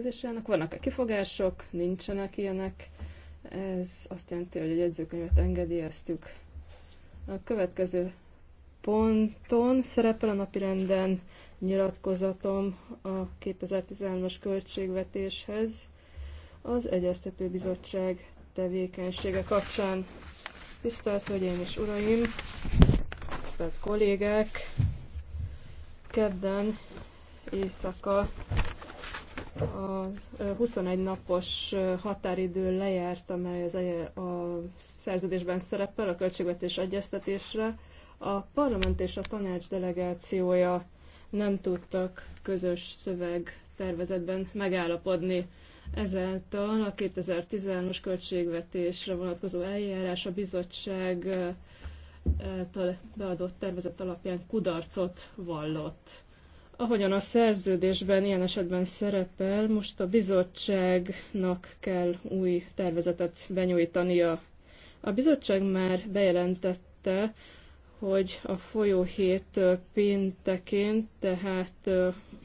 rendelkezésre állnak. Vannak-e kifogások? Nincsenek ilyenek. Ez azt jelenti, hogy a jegyzőkönyvet engedélyeztük. A következő ponton szerepel a napirenden nyilatkozatom a 2013-as költségvetéshez az Egyeztető Bizottság tevékenysége kapcsán. Tisztelt Hölgyeim és Uraim, tisztelt kollégák, kedden éjszaka a 21 napos határidő lejárt, amely az a szerződésben szerepel a költségvetés egyeztetésre. A parlament és a tanács delegációja nem tudtak közös szöveg tervezetben megállapodni. Ezáltal a 2013-as költségvetésre vonatkozó eljárás a bizottság által beadott tervezet alapján kudarcot vallott. Ahogyan a szerződésben ilyen esetben szerepel, most a bizottságnak kell új tervezetet benyújtania. A bizottság már bejelentette, hogy a folyó hét péntekén, tehát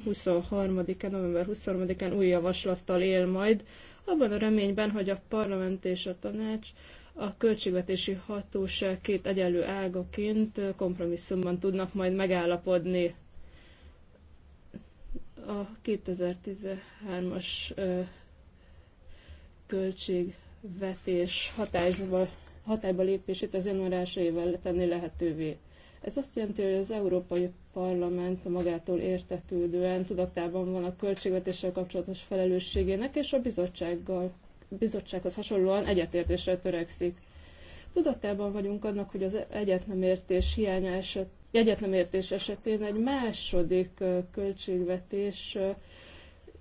23-án, november 23-án új javaslattal él majd, abban a reményben, hogy a parlament és a tanács a költségvetési hatóság két egyenlő ágaként kompromisszumban tudnak majd megállapodni a 2013-as költségvetés hatályba, hatályba lépését az évvel tenni lehetővé. Ez azt jelenti, hogy az Európai Parlament magától értetődően tudatában van a költségvetéssel kapcsolatos felelősségének, és a bizottsággal, bizottsághoz hasonlóan egyetértésre törekszik. Tudatában vagyunk annak, hogy az egyetlemértés hiánya eset, egyetlemértés esetén egy második költségvetés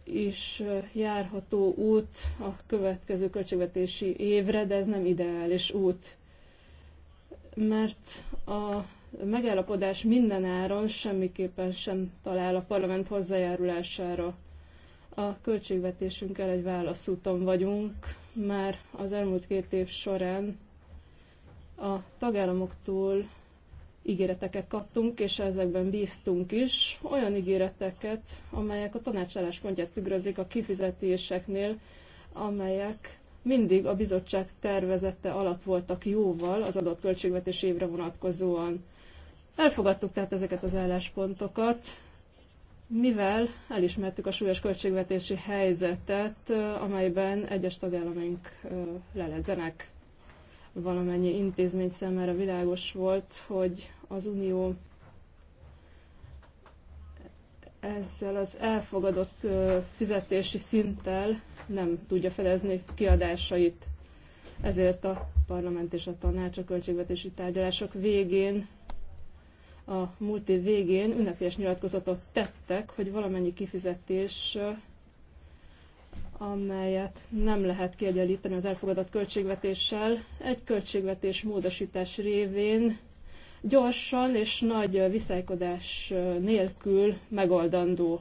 is járható út a következő költségvetési évre, de ez nem ideális út, mert a megállapodás minden áron semmiképpen sem talál a parlament hozzájárulására. A költségvetésünkkel egy válaszúton vagyunk, már az elmúlt két év során a tagállamoktól ígéreteket kaptunk, és ezekben bíztunk is, olyan ígéreteket, amelyek a tanács pontját tükrözik a kifizetéseknél, amelyek mindig a bizottság tervezette alatt voltak jóval az adott költségvetés évre vonatkozóan. Elfogadtuk tehát ezeket az álláspontokat, mivel elismertük a súlyos költségvetési helyzetet, amelyben egyes tagállamink leledzenek valamennyi intézmény számára világos volt, hogy az Unió ezzel az elfogadott fizetési szinttel nem tudja fedezni kiadásait. Ezért a parlament és a tanács a költségvetési tárgyalások végén, a múlt év végén ünnepélyes nyilatkozatot tettek, hogy valamennyi kifizetés amelyet nem lehet kiegyenlíteni az elfogadott költségvetéssel, egy költségvetés módosítás révén gyorsan és nagy viszálykodás nélkül megoldandó.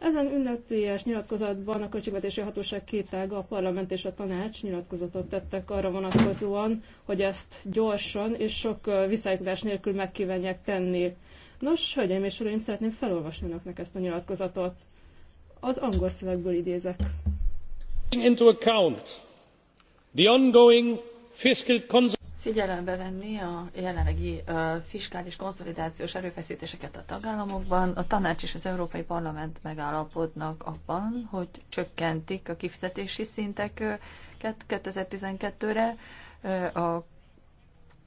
Ezen ünnepélyes nyilatkozatban a Költségvetési Hatóság két ága, a parlament és a tanács nyilatkozatot tettek arra vonatkozóan, hogy ezt gyorsan és sok viszálykodás nélkül megkívánják tenni. Nos, hölgyeim és uraim, szeretném felolvasni önöknek ezt a nyilatkozatot. Az angol szövegből idézek into account the ongoing fiscal figyelembe venni a jelenlegi fiskális konszolidációs erőfeszítéseket a tagállamokban. A tanács és az Európai Parlament megállapodnak abban, hogy csökkentik a kifizetési szinteket 2012-re, a,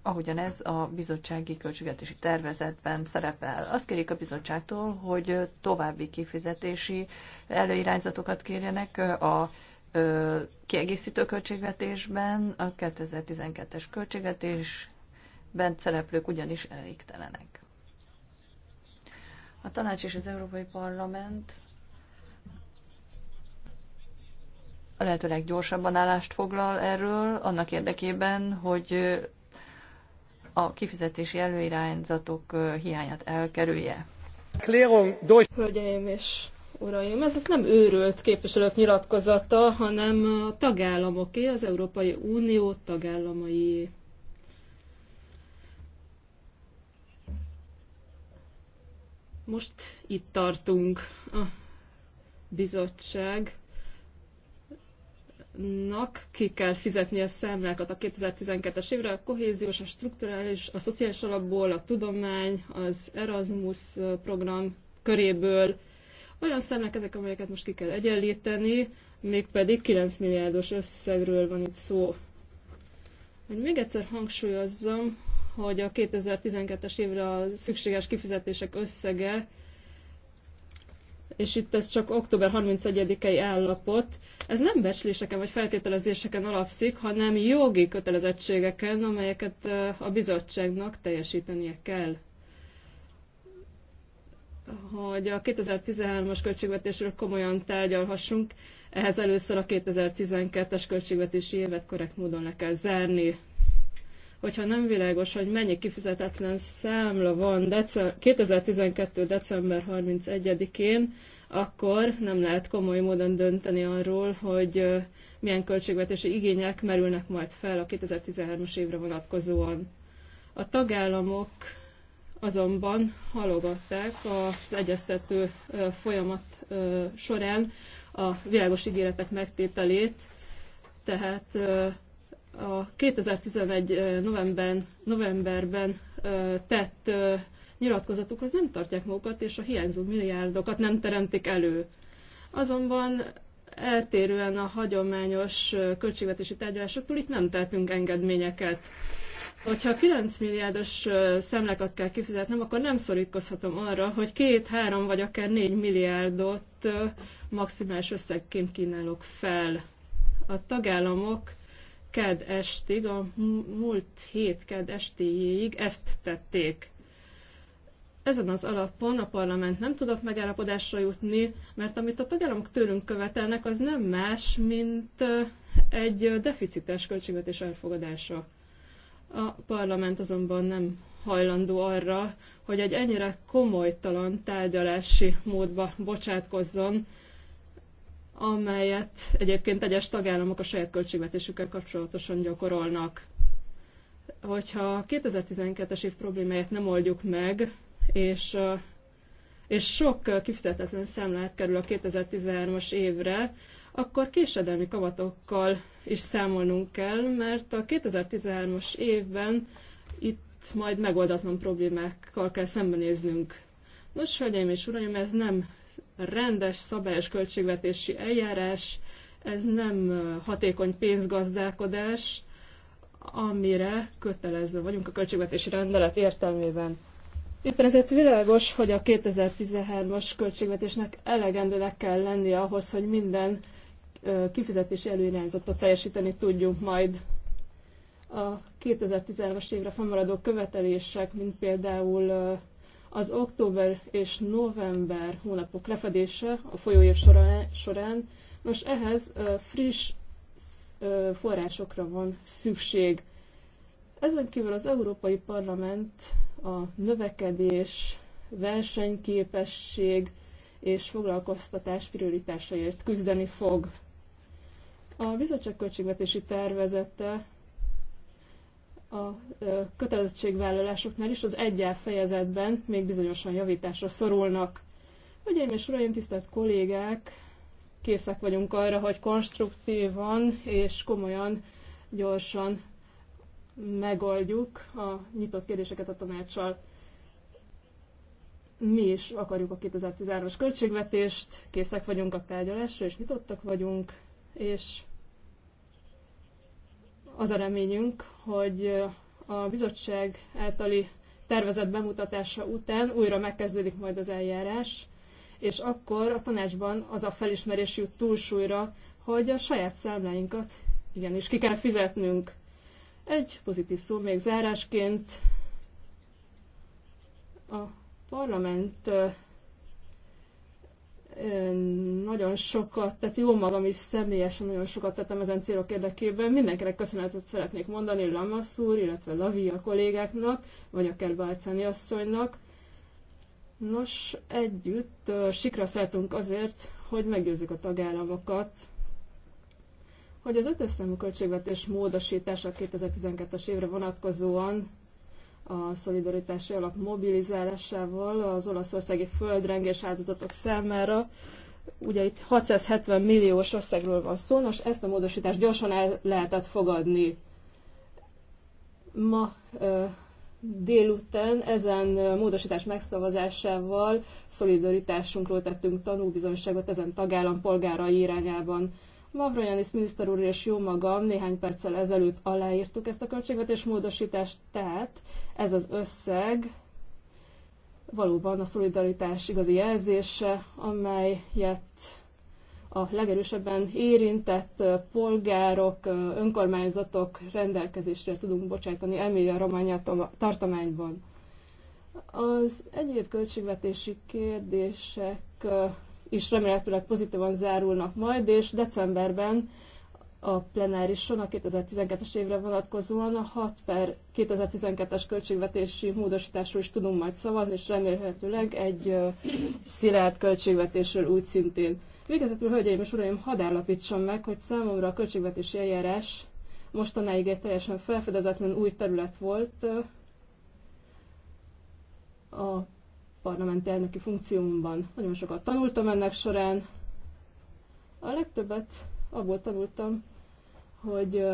ahogyan ez a bizottsági költségvetési tervezetben szerepel. Azt kérik a bizottságtól, hogy további kifizetési előirányzatokat kérjenek a kiegészítő költségvetésben, a 2012-es költségvetésben szereplők ugyanis elégtelenek. A tanács és az Európai Parlament a lehető leggyorsabban állást foglal erről, annak érdekében, hogy a kifizetési előirányzatok hiányát elkerülje. Hölgyeim és uraim, ez nem őrült képviselők nyilatkozata, hanem a tagállamoké, az Európai Unió tagállamai. Most itt tartunk. A bizottság ki kell fizetni a számlákat a 2012-es évre, a kohéziós, a strukturális, a szociális alapból, a tudomány, az Erasmus program köréből, olyan szemek ezek, amelyeket most ki kell egyenlíteni, mégpedig 9 milliárdos összegről van itt szó. Hogy még egyszer hangsúlyozzam, hogy a 2012-es évre a szükséges kifizetések összege, és itt ez csak október 31-i állapot, ez nem becsléseken vagy feltételezéseken alapszik, hanem jogi kötelezettségeken, amelyeket eh, a bizottságnak teljesítenie kell hogy a 2013-as költségvetésről komolyan tárgyalhassunk, ehhez először a 2012-es költségvetési évet korrekt módon le kell zárni. Hogyha nem világos, hogy mennyi kifizetetlen számla van dece- 2012. december 31-én, akkor nem lehet komoly módon dönteni arról, hogy milyen költségvetési igények merülnek majd fel a 2013-as évre vonatkozóan. A tagállamok azonban halogatták az egyeztető folyamat során a világos ígéretek megtételét, tehát a 2011 novemberben, novemberben tett nyilatkozatukhoz nem tartják magukat, és a hiányzó milliárdokat nem teremtik elő. Azonban eltérően a hagyományos költségvetési tárgyalásoktól itt nem tettünk engedményeket. Hogyha 9 milliárdos szemlekat kell kifizetnem, akkor nem szorítkozhatom arra, hogy 2-3 vagy akár 4 milliárdot maximális összegként kínálok fel. A tagállamok KED estig, a múlt hét KED estéjéig ezt tették ezen az alapon a parlament nem tudott megállapodásra jutni, mert amit a tagállamok tőlünk követelnek, az nem más, mint egy deficites költségvetés elfogadása. A parlament azonban nem hajlandó arra, hogy egy ennyire komolytalan tárgyalási módba bocsátkozzon, amelyet egyébként egyes tagállamok a saját költségvetésükkel kapcsolatosan gyakorolnak. Hogyha a 2012-es év problémáját nem oldjuk meg, és, és sok kifizetetlen számlát kerül a 2013-as évre, akkor késedelmi kamatokkal is számolnunk kell, mert a 2013-as évben itt majd megoldatlan problémákkal kell szembenéznünk. Nos, hölgyeim és uraim, ez nem rendes, szabályos költségvetési eljárás, ez nem hatékony pénzgazdálkodás, amire kötelező vagyunk a költségvetési rendelet értelmében. Éppen ezért világos, hogy a 2013-as költségvetésnek elegendőnek kell lennie ahhoz, hogy minden kifizetési előirányzatot teljesíteni tudjunk majd. A 2013-as évre fennmaradó követelések, mint például az október és november hónapok lefedése a folyóév során, nos ehhez friss forrásokra van szükség. Ezen kívül az Európai Parlament a növekedés, versenyképesség és foglalkoztatás prioritásaért küzdeni fog. A bizottság költségvetési tervezete a kötelezettségvállalásoknál is az egyel fejezetben még bizonyosan javításra szorulnak. Hölgyeim és uraim, tisztelt kollégák, készek vagyunk arra, hogy konstruktívan és komolyan, gyorsan megoldjuk a nyitott kérdéseket a tanácssal. Mi is akarjuk a 2013-as költségvetést, készek vagyunk a tárgyalásra, és nyitottak vagyunk, és az a reményünk, hogy a bizottság általi tervezett bemutatása után újra megkezdődik majd az eljárás, és akkor a tanácsban az a felismerés jut túlsúlyra, hogy a saját számláinkat igenis ki kell fizetnünk. Egy pozitív szó még zárásként. A parlament nagyon sokat, tehát jó magam is személyesen nagyon sokat tettem ezen célok érdekében. Mindenkinek köszönetet szeretnék mondani Lamasz úr, illetve Lavi a kollégáknak, vagy akár Balcani asszonynak. Nos, együtt sikra szálltunk azért, hogy meggyőzzük a tagállamokat hogy az ötös számú költségvetés módosítása 2012-es évre vonatkozóan a szolidaritási alap mobilizálásával az olaszországi földrengés áldozatok számára. Ugye itt 670 milliós összegről van szó, nos ezt a módosítást gyorsan el lehetett fogadni. Ma délután ezen módosítás megszavazásával szolidaritásunkról tettünk tanúbizonyságot ezen tagállam polgárai irányában. Mavroyanis miniszter úr és jó magam néhány perccel ezelőtt aláírtuk ezt a költségvetés módosítást, tehát ez az összeg valóban a szolidaritás igazi jelzése, amelyet a legerősebben érintett polgárok, önkormányzatok rendelkezésre tudunk bocsájtani Emilia Románia tartományban. Az egyéb költségvetési kérdések is remélhetőleg pozitívan zárulnak majd, és decemberben a plenárison a 2012-es évre vonatkozóan a 6 per 2012-es költségvetési módosításról is tudunk majd szavazni, és remélhetőleg egy szilárd költségvetésről úgy szintén. Végezetül, hölgyeim és uraim, hadd állapítsam meg, hogy számomra a költségvetési eljárás mostanáig egy teljesen felfedezetlen új terület volt. A parlamenti elnöki funkciómban. Nagyon sokat tanultam ennek során. A legtöbbet abból tanultam, hogy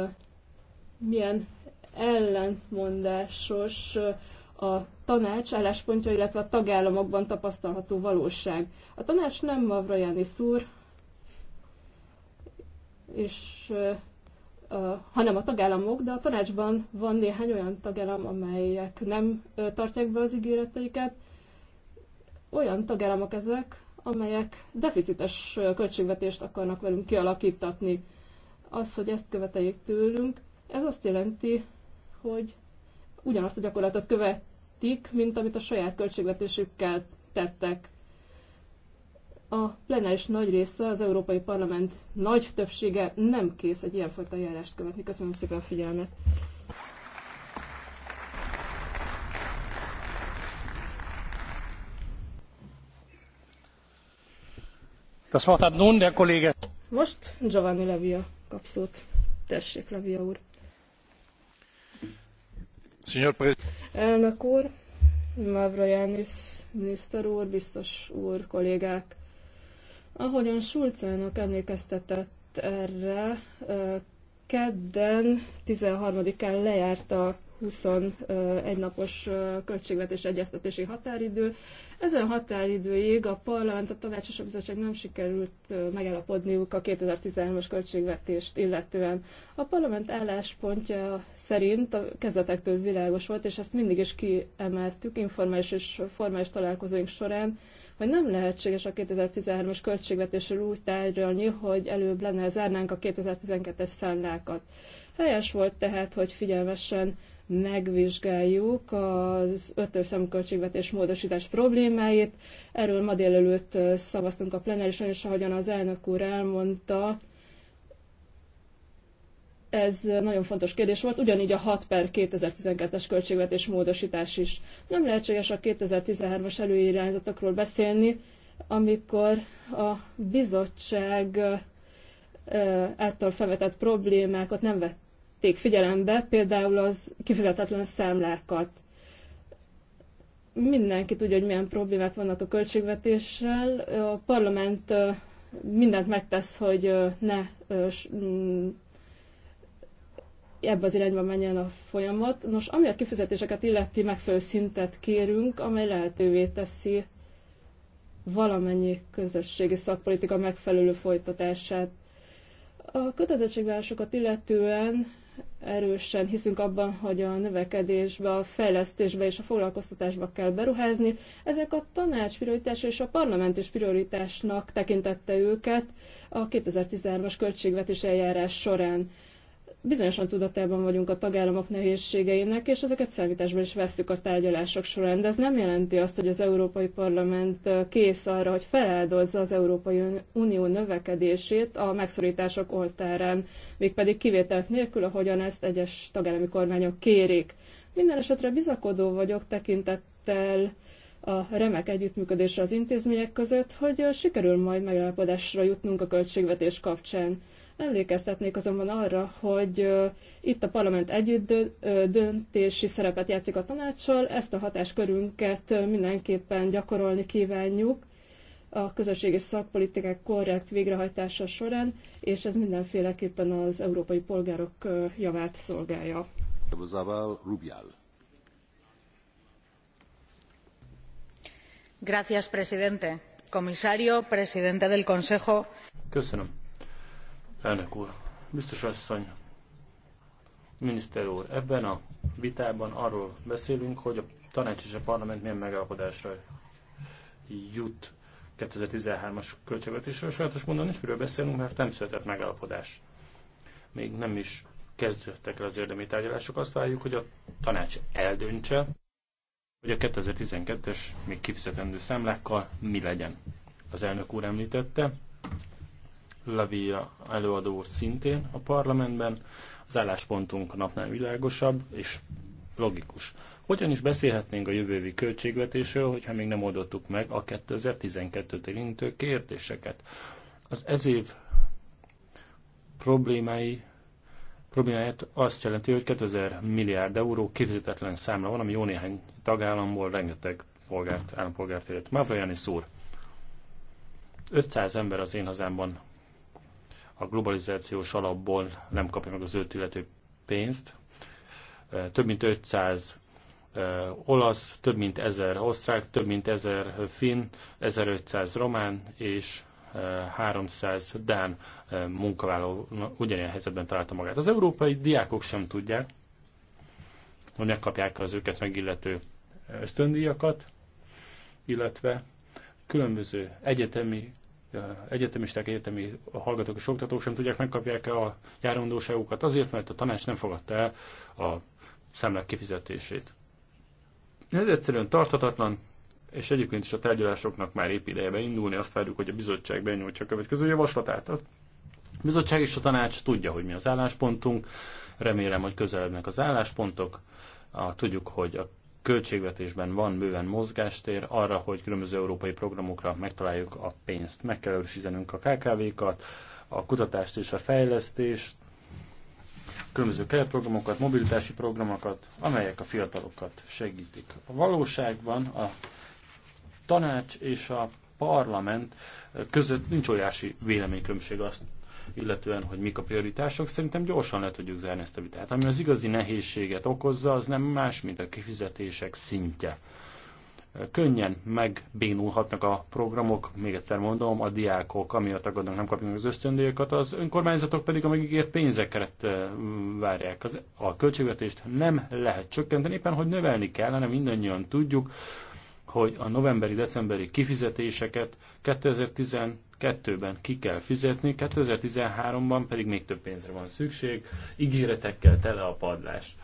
milyen ellentmondásos a tanács álláspontja, illetve a tagállamokban tapasztalható valóság. A tanács nem Mavrajani szúr, és, hanem a tagállamok, de a tanácsban van néhány olyan tagállam, amelyek nem tartják be az ígéreteiket, olyan tagállamok ezek, amelyek deficites költségvetést akarnak velünk kialakítatni. Az, hogy ezt követeljék tőlünk, ez azt jelenti, hogy ugyanazt a gyakorlatot követik, mint amit a saját költségvetésükkel tettek. A plenáris nagy része, az Európai Parlament nagy többsége nem kész egy ilyenfajta járást követni. Köszönöm szépen a figyelmet! Das Wort hat nun der Kollege. Most Giovanni Levia kap szót. Tessék, Levia úr. Signor Pre- Elnök úr, Mavrojánis miniszter úr, biztos úr, kollégák. Ahogyan Schulz elnök emlékeztetett erre, kedden 13-án lejárt a 21 napos költségvetés egyeztetési határidő. Ezen határidőig a parlament, a tanács és a bizottság nem sikerült megállapodniuk a 2013-as költségvetést illetően. A parlament álláspontja szerint a kezdetektől világos volt, és ezt mindig is kiemeltük informális és formális találkozóink során, hogy nem lehetséges a 2013-as költségvetésről úgy tárgyalni, hogy előbb lenne zárnánk a 2012-es számlákat. Helyes volt tehát, hogy figyelmesen megvizsgáljuk az ötös szemköltségvetés módosítás problémáit. Erről ma délelőtt szavaztunk a plenárison, és ahogyan az elnök úr elmondta, ez nagyon fontos kérdés volt, ugyanígy a 6 per 2012-es költségvetés módosítás is. Nem lehetséges a 2013-as előirányzatokról beszélni, amikor a bizottság által felvetett problémákat nem vett vették figyelembe, például az kifizetetlen számlákat. Mindenki tudja, hogy milyen problémák vannak a költségvetéssel. A parlament mindent megtesz, hogy ne ebbe az irányba menjen a folyamat. Nos, ami a kifizetéseket illeti, megfelelő szintet kérünk, amely lehetővé teszi valamennyi közösségi szakpolitika megfelelő folytatását. A kötelezettségvárosokat illetően erősen hiszünk abban, hogy a növekedésbe, a fejlesztésbe és a foglalkoztatásba kell beruházni. Ezek a tanács prioritása és a parlament is prioritásnak tekintette őket a 2013-as költségvetés eljárás során bizonyosan tudatában vagyunk a tagállamok nehézségeinek, és ezeket számításban is vesszük a tárgyalások során, de ez nem jelenti azt, hogy az Európai Parlament kész arra, hogy feláldozza az Európai Unió növekedését a megszorítások oltárán, mégpedig kivételek nélkül, ahogyan ezt egyes tagállami kormányok kérik. Minden esetre bizakodó vagyok tekintettel a remek együttműködésre az intézmények között, hogy sikerül majd megállapodásra jutnunk a költségvetés kapcsán. Emlékeztetnék azonban arra, hogy itt a parlament együtt döntési szerepet játszik a tanácssal, ezt a hatáskörünket mindenképpen gyakorolni kívánjuk a közösségi szakpolitikák korrekt végrehajtása során, és ez mindenféleképpen az európai polgárok javát szolgálja. Gracias, presidente. Comisario, presidente del Consejo. Köszönöm. Elnök úr, biztos asszony, miniszter úr, ebben a vitában arról beszélünk, hogy a tanács és a parlament milyen megállapodásra jut 2013-as költségvetésről. Sajátos mondom, nincs miről beszélünk, mert nem született megállapodás. Még nem is kezdődtek el az érdemi tárgyalások, azt várjuk, hogy a tanács eldöntse, hogy a 2012-es még kifizetendő számlákkal mi legyen. Az elnök úr említette, Lavia előadó szintén a parlamentben. Az álláspontunk napnál világosabb és logikus. Hogyan is beszélhetnénk a jövővi költségvetésről, hogyha még nem oldottuk meg a 2012-t érintő kérdéseket? Az ez év problémái problémáját azt jelenti, hogy 2000 milliárd euró kifizetetlen számla van, ami jó néhány tagállamból rengeteg polgárt, állampolgárt élet. Mavrojanis szúr. 500 ember az én hazámban a globalizációs alapból nem kapja meg az őt illető pénzt. Több mint 500 olasz, több mint 1000 osztrák, több mint 1000 finn, 1500 román és 300 dán munkavállaló ugyanilyen helyzetben találta magát. Az európai diákok sem tudják, hogy megkapják az őket megillető ösztöndíjakat, illetve különböző egyetemi egyetemisták, egyetemi hallgatók és oktatók sem tudják, megkapják-e a járandóságukat azért, mert a tanács nem fogadta el a szemlek kifizetését. Ez egyszerűen tarthatatlan, és egyébként is a tárgyalásoknak már épp ideje beindulni, azt várjuk, hogy a bizottság benyújtsa a következő javaslatát. A bizottság és a tanács tudja, hogy mi az álláspontunk, remélem, hogy közelednek az álláspontok, a, tudjuk, hogy a költségvetésben van bőven mozgástér arra, hogy különböző európai programokra megtaláljuk a pénzt. Meg kell erősítenünk a KKV-kat, a kutatást és a fejlesztést, különböző keretprogramokat, mobilitási programokat, amelyek a fiatalokat segítik. A valóságban a tanács és a parlament között nincs olyási véleménykülönbség, azt illetően, hogy mik a prioritások, szerintem gyorsan le tudjuk zárni ezt a vitát. Ami az igazi nehézséget okozza, az nem más, mint a kifizetések szintje. Könnyen megbénulhatnak a programok, még egyszer mondom, a diákok, amiatt aggódnak, nem kapják az ösztöndíjakat, az önkormányzatok pedig a megígért pénzeket várják. Az, a költségvetést nem lehet csökkenteni, éppen hogy növelni kellene, mindannyian tudjuk, hogy a novemberi-decemberi kifizetéseket 2012-ben ki kell fizetni, 2013-ban pedig még több pénzre van szükség, ígéretekkel tele a padlás.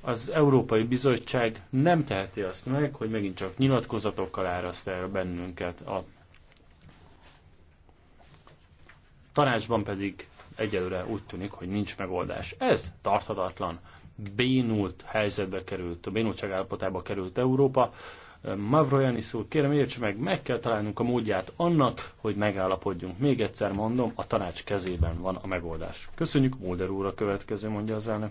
Az Európai Bizottság nem teheti azt meg, hogy megint csak nyilatkozatokkal áraszt el bennünket. A tanácsban pedig egyelőre úgy tűnik, hogy nincs megoldás. Ez tarthatatlan. Bénult helyzetbe került, a bénultság állapotába került Európa Mavrojanis kérem értse meg, meg kell találnunk a módját annak, hogy megállapodjunk. Még egyszer mondom, a tanács kezében van a megoldás. Köszönjük, Mulder úr a következő, mondja az elnök.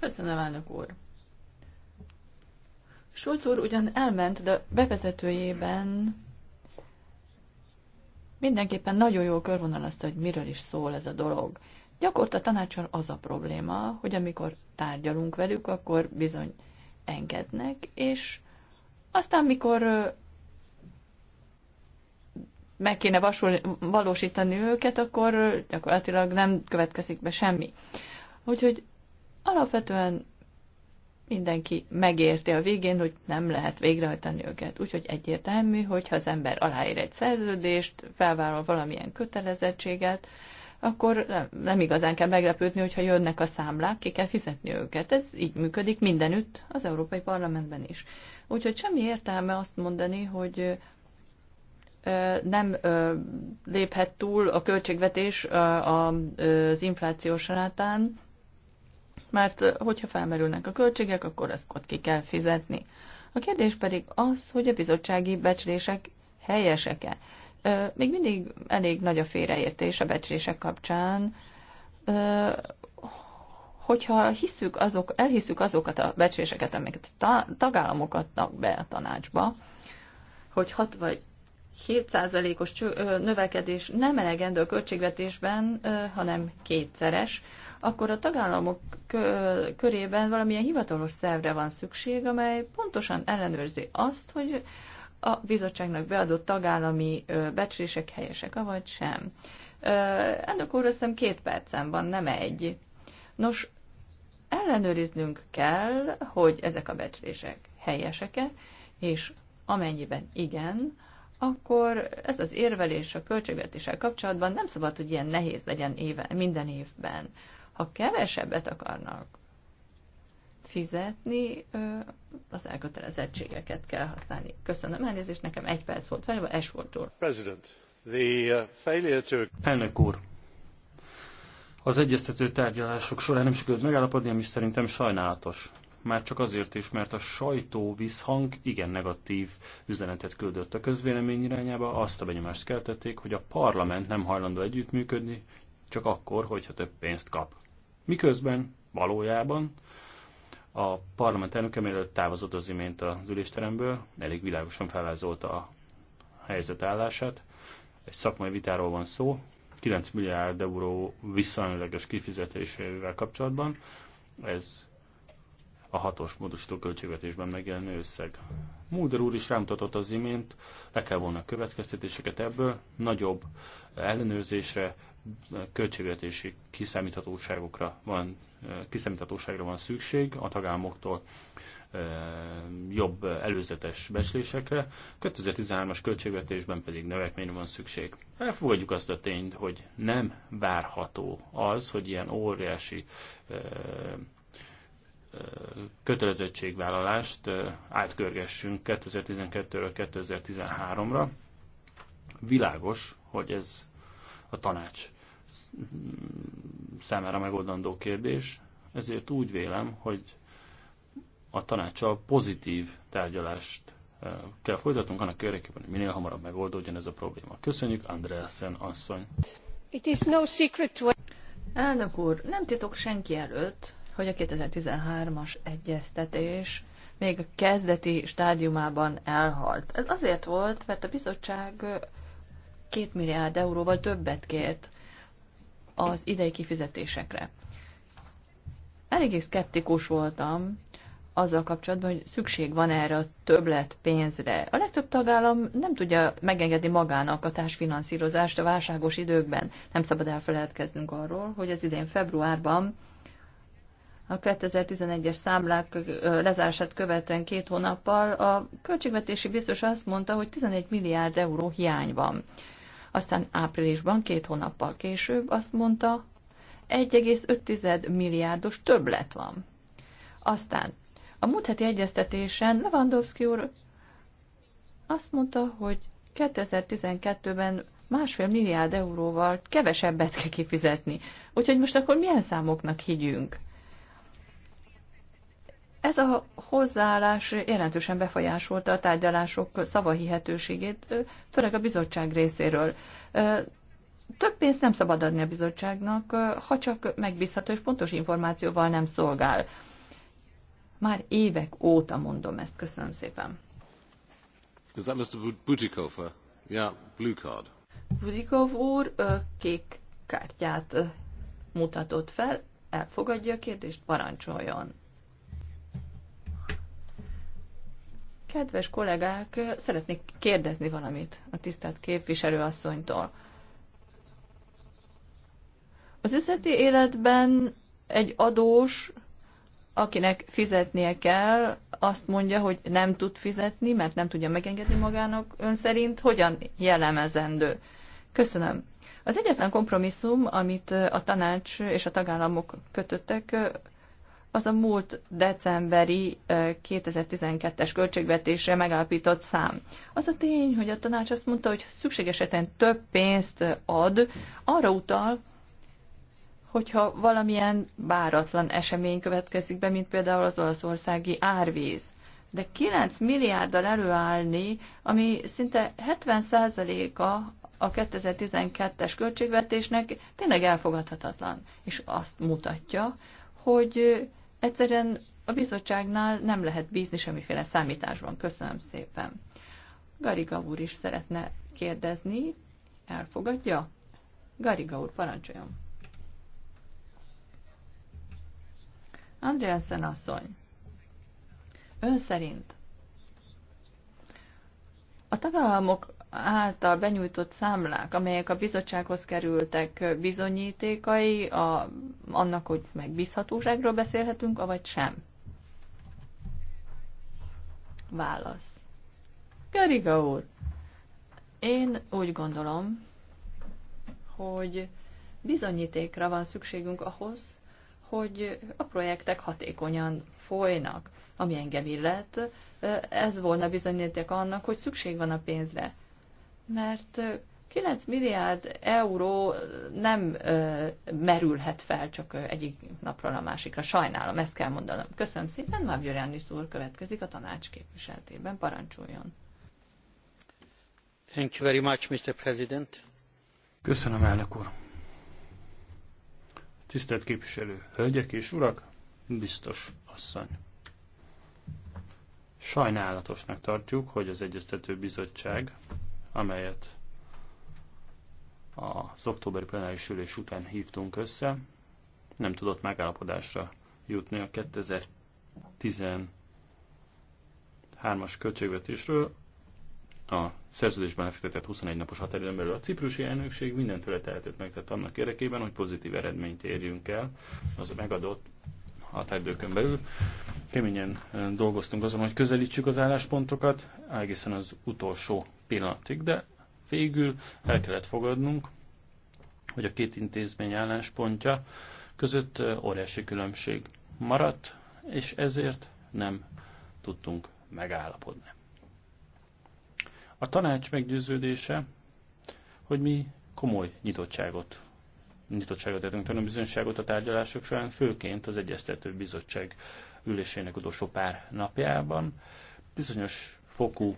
Köszönöm, elnök úr. Schulz úr ugyan elment, de bevezetőjében mindenképpen nagyon jól körvonalazta, hogy miről is szól ez a dolog. Gyakorta tanácsal az a probléma, hogy amikor tárgyalunk velük, akkor bizony engednek, és aztán, mikor meg kéne vasul, valósítani őket, akkor gyakorlatilag nem következik be semmi. Úgyhogy alapvetően mindenki megérti a végén, hogy nem lehet végrehajtani őket. Úgyhogy egyértelmű, hogyha az ember aláír egy szerződést, felvállal valamilyen kötelezettséget, akkor nem, nem igazán kell meglepődni, hogyha jönnek a számlák, ki kell fizetni őket. Ez így működik mindenütt, az Európai Parlamentben is. Úgyhogy semmi értelme azt mondani, hogy nem léphet túl a költségvetés az inflációs rátán, mert hogyha felmerülnek a költségek, akkor ezt ki kell fizetni. A kérdés pedig az, hogy a bizottsági becslések helyesek-e még mindig elég nagy a félreértés a becsések kapcsán. Hogyha hiszük azok, elhiszük azokat a becséseket, amiket a tagállamok adnak be a tanácsba, hogy 6 vagy 7 százalékos növekedés nem elegendő a költségvetésben, hanem kétszeres, akkor a tagállamok körében valamilyen hivatalos szervre van szükség, amely pontosan ellenőrzi azt, hogy a bizottságnak beadott tagállami becslések helyesek, avagy sem. Ennek úr, azt két percen van, nem egy. Nos, ellenőriznünk kell, hogy ezek a becslések helyesek-e, és amennyiben igen, akkor ez az érvelés a költségvetéssel kapcsolatban nem szabad, hogy ilyen nehéz legyen éve, minden évben. Ha kevesebbet akarnak, fizetni, az elkötelezettségeket kell használni. Köszönöm elnézést, nekem egy perc volt fel, es volt úr. President, the uh, failure to... Elnök úr, az egyeztető tárgyalások során nem sikerült megállapodni, ami szerintem sajnálatos. Már csak azért is, mert a sajtó visszhang igen negatív üzenetet küldött a közvélemény irányába, azt a benyomást keltették, hogy a parlament nem hajlandó együttműködni, csak akkor, hogyha több pénzt kap. Miközben valójában a parlament elnöke mielőtt távozott az imént az ülésteremből, elég világosan felvázolta a helyzet állását. Egy szakmai vitáról van szó, 9 milliárd euró viszonylagos kifizetésével kapcsolatban. Ez a hatos módosító költségvetésben megjelenő összeg. Múder úr is rámutatott az imént, le kell volna a következtetéseket ebből, nagyobb ellenőrzésre, költségvetési kiszámíthatóságokra van, kiszámíthatóságra van szükség a tagállamoktól jobb előzetes becslésekre, 2013-as költségvetésben pedig növekményre van szükség. Elfogadjuk azt a tényt, hogy nem várható az, hogy ilyen óriási kötelezettségvállalást átkörgessünk 2012-ről 2013-ra. Világos, hogy ez a tanács számára megoldandó kérdés, ezért úgy vélem, hogy a tanácsa pozitív tárgyalást eh, kell folytatnunk annak érdekében, hogy minél hamarabb megoldódjon ez a probléma. Köszönjük, Andreasen asszony! It is no secret to... Elnök úr, nem titok senki előtt, hogy a 2013-as egyeztetés még a kezdeti stádiumában elhalt. Ez azért volt, mert a bizottság két milliárd euróval többet kért az idei kifizetésekre. Eléggé szkeptikus voltam azzal kapcsolatban, hogy szükség van erre a többlet pénzre. A legtöbb tagállam nem tudja megengedni magának a társfinanszírozást a válságos időkben. Nem szabad elfeledkeznünk arról, hogy az idén februárban a 2011-es számlák lezárását követően két hónappal a költségvetési biztos azt mondta, hogy 11 milliárd euró hiány van. Aztán áprilisban, két hónappal később azt mondta, 1,5 milliárdos többlet van. Aztán a múlt heti egyeztetésen Lewandowski úr azt mondta, hogy 2012-ben másfél milliárd euróval kevesebbet kell kifizetni. Úgyhogy most akkor milyen számoknak higgyünk? Ez a hozzáállás jelentősen befolyásolta a tárgyalások szavahihetőségét, főleg a bizottság részéről. Több pénzt nem szabad adni a bizottságnak, ha csak megbízható és pontos információval nem szolgál. Már évek óta mondom ezt. Köszönöm szépen. Is that Mr. Butikofer? Yeah, blue card. Budikov úr kék kártyát mutatott fel. Elfogadja a kérdést, parancsoljon. Kedves kollégák, szeretnék kérdezni valamit a tisztelt képviselőasszonytól. Az üzleti életben egy adós, akinek fizetnie kell, azt mondja, hogy nem tud fizetni, mert nem tudja megengedni magának ön szerint, hogyan jellemezendő. Köszönöm. Az egyetlen kompromisszum, amit a tanács és a tagállamok kötöttek, az a múlt decemberi 2012-es költségvetésre megállapított szám. Az a tény, hogy a tanács azt mondta, hogy szükség esetén több pénzt ad, arra utal, hogyha valamilyen báratlan esemény következik be, mint például az olaszországi árvíz. De 9 milliárddal előállni, ami szinte 70%-a a 2012-es költségvetésnek tényleg elfogadhatatlan. És azt mutatja, hogy Egyszerűen a bizottságnál nem lehet bízni semmiféle számításban. Köszönöm szépen. Gariga úr is szeretne kérdezni. Elfogadja? Gariga úr, parancsoljon. Andreasen asszony, ön szerint a tagállamok által benyújtott számlák, amelyek a bizottsághoz kerültek bizonyítékai a, annak, hogy megbízhatóságról beszélhetünk, avagy sem? Válasz. Geriga úr, én úgy gondolom, hogy bizonyítékra van szükségünk ahhoz, hogy a projektek hatékonyan folynak. Ami engem illet, ez volna bizonyíték annak, hogy szükség van a pénzre mert 9 milliárd euró nem ö, merülhet fel csak egyik napról a másikra. Sajnálom, ezt kell mondanom. Köszönöm szépen, Jánisz úr következik a tanács képviseletében. Parancsoljon. Thank you very much, Mr. President. Köszönöm, elnök úr. Tisztelt képviselő, hölgyek és urak, biztos asszony. Sajnálatosnak tartjuk, hogy az Egyeztető Bizottság amelyet az októberi plenáris ülés után hívtunk össze, nem tudott megállapodásra jutni a 2013-as költségvetésről, a szerződésben lefektetett 21 napos határidőn belül a ciprusi elnökség mindentől tehetőt megtett annak érdekében, hogy pozitív eredményt érjünk el az megadott a tárgybőkön belül. Keményen dolgoztunk azon, hogy közelítsük az álláspontokat, egészen az utolsó pillanatig, de végül el kellett fogadnunk, hogy a két intézmény álláspontja között óriási különbség maradt, és ezért nem tudtunk megállapodni. A tanács meggyőződése, hogy mi komoly nyitottságot nyitottságot tettünk tanulbizonyságot a tárgyalások során, főként az Egyeztető Bizottság ülésének utolsó pár napjában. Bizonyos fokú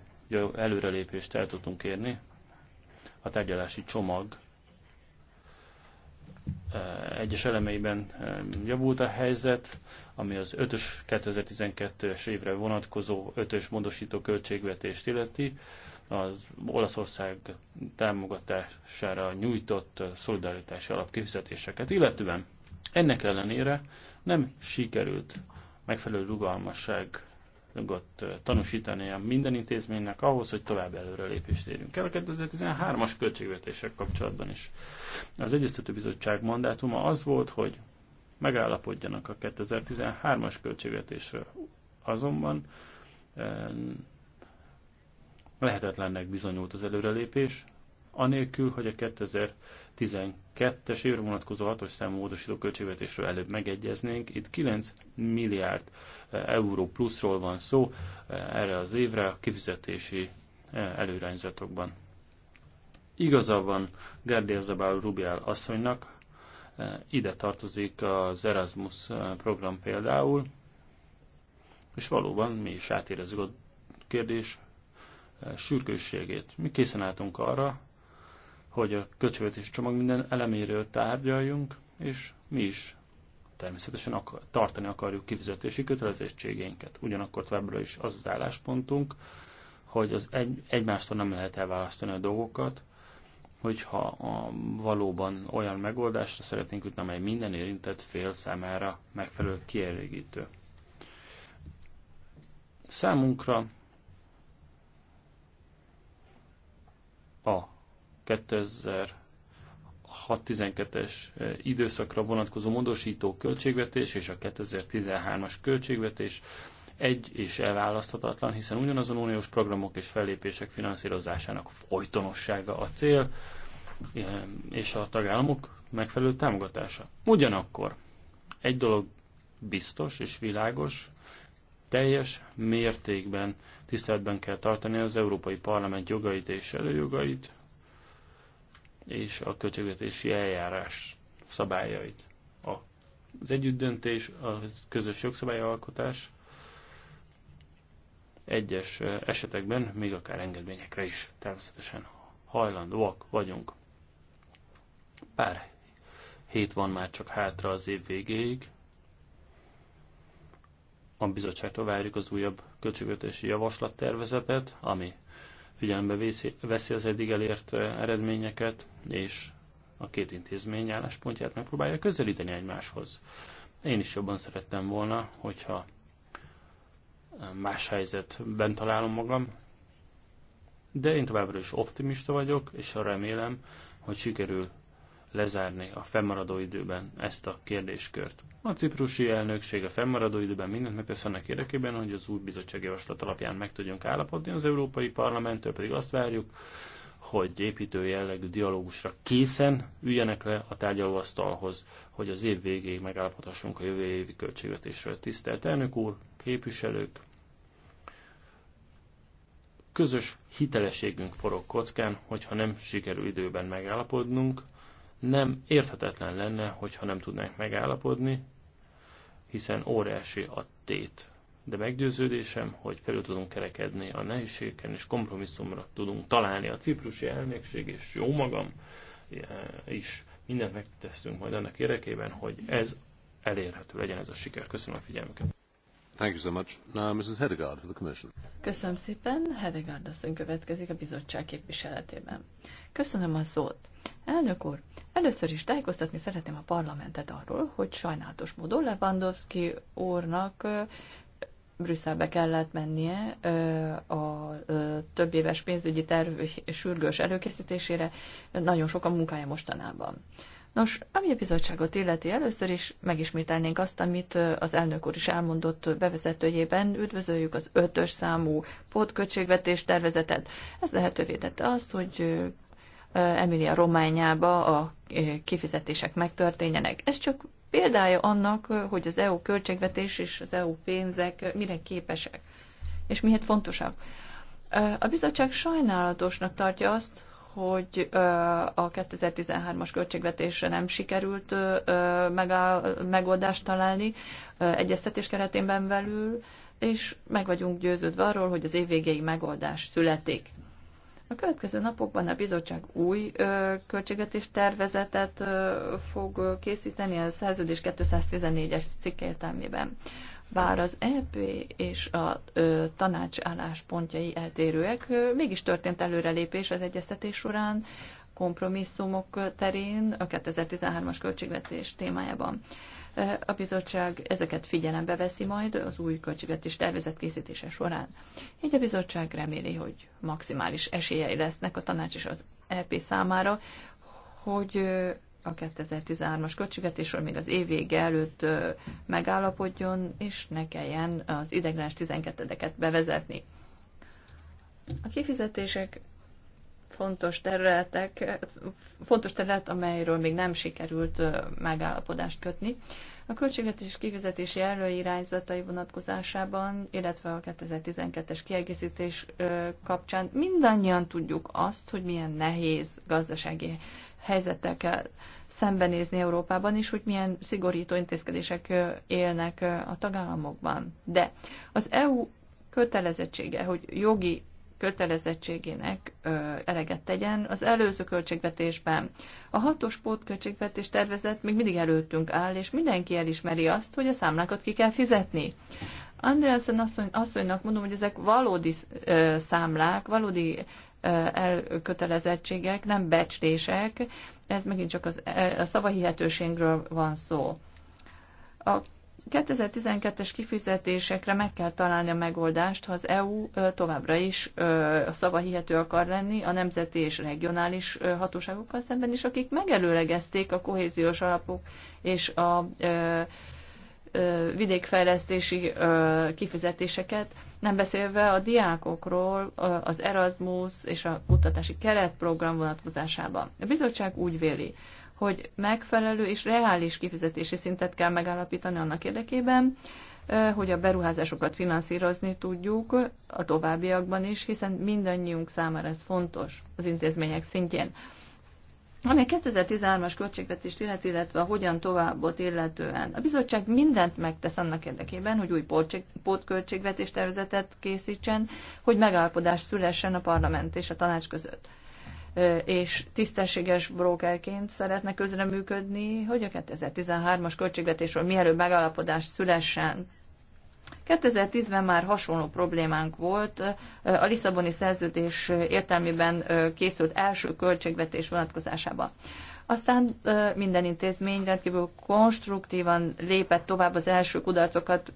előrelépést el tudtunk érni. A tárgyalási csomag e, egyes elemeiben e, javult a helyzet, ami az 5-ös 2012-es évre vonatkozó 5-ös módosító költségvetést illeti az Olaszország támogatására nyújtott szolidaritási alapkifizetéseket, illetően ennek ellenére nem sikerült megfelelő rugalmasságot a minden intézménynek ahhoz, hogy tovább lépést érjünk el a 2013-as költségvetések kapcsolatban is. Az Egyeztető Bizottság mandátuma az volt, hogy megállapodjanak a 2013-as költségvetésről. Azonban eh, lehetetlennek bizonyult az előrelépés, anélkül, hogy a 2012-es évre vonatkozó hatos számú módosító költségvetésről előbb megegyeznénk. Itt 9 milliárd eh, euró pluszról van szó eh, erre az évre a kifizetési eh, előrányzatokban. Igaza van Gerdia Zabál Rubiel asszonynak, ide tartozik az Erasmus program például, és valóban mi is átérezzük a kérdés sürgősségét. Mi készen álltunk arra, hogy a költségvetési csomag minden eleméről tárgyaljunk, és mi is természetesen akar, tartani akarjuk kifizetési kötelezettségeinket. Ugyanakkor továbbra is az az álláspontunk, hogy az egy, egymástól nem lehet elválasztani a dolgokat, hogyha a, valóban olyan megoldásra szeretnénk jutni, amely minden érintett fél számára megfelelő kielégítő. Számunkra a 2006-12-es időszakra vonatkozó módosító költségvetés és a 2013-as költségvetés egy és elválaszthatatlan, hiszen ugyanazon uniós programok és fellépések finanszírozásának folytonossága a cél, és a tagállamok megfelelő támogatása. Ugyanakkor egy dolog biztos és világos, teljes mértékben tiszteletben kell tartani az Európai Parlament jogait és előjogait, és a költségvetési eljárás szabályait. Az együttdöntés, a közös jogszabályalkotás egyes esetekben, még akár engedményekre is természetesen hajlandóak vagyunk. Pár hét van már csak hátra az év végéig, a bizottságtól várjuk az újabb költségvetési javaslattervezetet, ami figyelembe veszi az eddig elért eredményeket, és a két intézmény álláspontját megpróbálja közelíteni egymáshoz. Én is jobban szerettem volna, hogyha más helyzetben találom magam, de én továbbra is optimista vagyok, és remélem, hogy sikerül lezárni a fennmaradó időben ezt a kérdéskört. A ciprusi elnökség a fennmaradó időben mindent megtesz annak érdekében, hogy az új bizottság javaslat alapján meg tudjunk állapodni az Európai Parlamenttől, pedig azt várjuk, hogy építő jellegű dialógusra készen üljenek le a tárgyalóasztalhoz, hogy az év végéig megállapodhassunk a jövő évi költségvetésről. Tisztelt elnök úr, képviselők, közös hitelességünk forog kockán, hogyha nem sikerül időben megállapodnunk, nem érthetetlen lenne, hogyha nem tudnánk megállapodni, hiszen óriási a tét. De meggyőződésem, hogy felül tudunk kerekedni a nehézségeken, és kompromisszumra tudunk találni a ciprusi elnökség, és jó magam e, is mindent megteszünk majd annak érdekében, hogy ez elérhető legyen ez a siker. Köszönöm a figyelmüket. Thank you so much. Now, Mrs. Hedegaard for the Commission. Köszönöm szépen. Hedegaard asszony következik a bizottság képviseletében. Köszönöm a szót. Elnök úr, először is tájékoztatni szeretném a parlamentet arról, hogy sajnálatos módon Lewandowski úrnak Brüsszelbe kellett mennie a több éves pénzügyi terv sürgős előkészítésére. Nagyon sok a munkája mostanában. Nos, ami a bizottságot illeti, először is megismételnénk azt, amit az elnök úr is elmondott bevezetőjében, üdvözöljük az ötös számú pótköltségvetés tervezetet. Ez lehetővé tette azt, hogy Emilia Rományába a kifizetések megtörténjenek. Ez csak példája annak, hogy az EU költségvetés és az EU pénzek mire képesek, és miért fontosak. A bizottság sajnálatosnak tartja azt, hogy a 2013-as költségvetésre nem sikerült megoldást találni egyeztetés keretében belül, és meg vagyunk győződve arról, hogy az év végéig megoldás születik. A következő napokban a bizottság új ö, költségvetés tervezetet ö, fog készíteni a szerződés 214-es cikk bár az EP és a ö, tanács álláspontjai eltérőek, ö, mégis történt előrelépés az egyeztetés során kompromisszumok terén a 2013-as költségvetés témájában. A bizottság ezeket figyelembe veszi majd az új költségvetés tervezet készítése során. Így a bizottság reméli, hogy maximális esélyei lesznek a tanács és az EP számára, hogy a 2013-as költségvetésről még az év vége előtt megállapodjon, és ne kelljen az idegenes 12-eket bevezetni. A kifizetések fontos területek, fontos terület, amelyről még nem sikerült megállapodást kötni. A költségvetés kifizetési előirányzatai vonatkozásában, illetve a 2012-es kiegészítés kapcsán mindannyian tudjuk azt, hogy milyen nehéz gazdasági kell szembenézni Európában is, hogy milyen szigorító intézkedések élnek a tagállamokban. De az EU kötelezettsége, hogy jogi kötelezettségének ö, eleget tegyen az előző költségvetésben. A hatos pótköltségvetés tervezet még mindig előttünk áll, és mindenki elismeri azt, hogy a számlákat ki kell fizetni. Andreasen asszony, asszonynak mondom, hogy ezek valódi ö, számlák, valódi elkötelezettségek, nem becslések, ez megint csak az, a szavahihetőségről van szó. A 2012-es kifizetésekre meg kell találni a megoldást, ha az EU továbbra is szavahihető akar lenni a nemzeti és regionális hatóságokkal szemben is, akik megelőlegezték a kohéziós alapok és a vidékfejlesztési kifizetéseket nem beszélve a diákokról az Erasmus és a kutatási keretprogram vonatkozásában. A bizottság úgy véli, hogy megfelelő és reális kifizetési szintet kell megállapítani annak érdekében, hogy a beruházásokat finanszírozni tudjuk a továbbiakban is, hiszen mindannyiunk számára ez fontos az intézmények szintjén. Ami a 2013-as költségvetést illet, illetve a hogyan továbbot illetően. A bizottság mindent megtesz annak érdekében, hogy új pótköltségvetés tervezetet készítsen, hogy megállapodás szülessen a parlament és a tanács között. És tisztességes brókerként szeretne közreműködni, hogy a 2013-as költségvetésről mielőbb megállapodás szülessen. 2010-ben már hasonló problémánk volt. A Lisszaboni szerződés értelmében készült első költségvetés vonatkozásában. Aztán minden intézmény rendkívül konstruktívan lépett tovább az első kudarcokat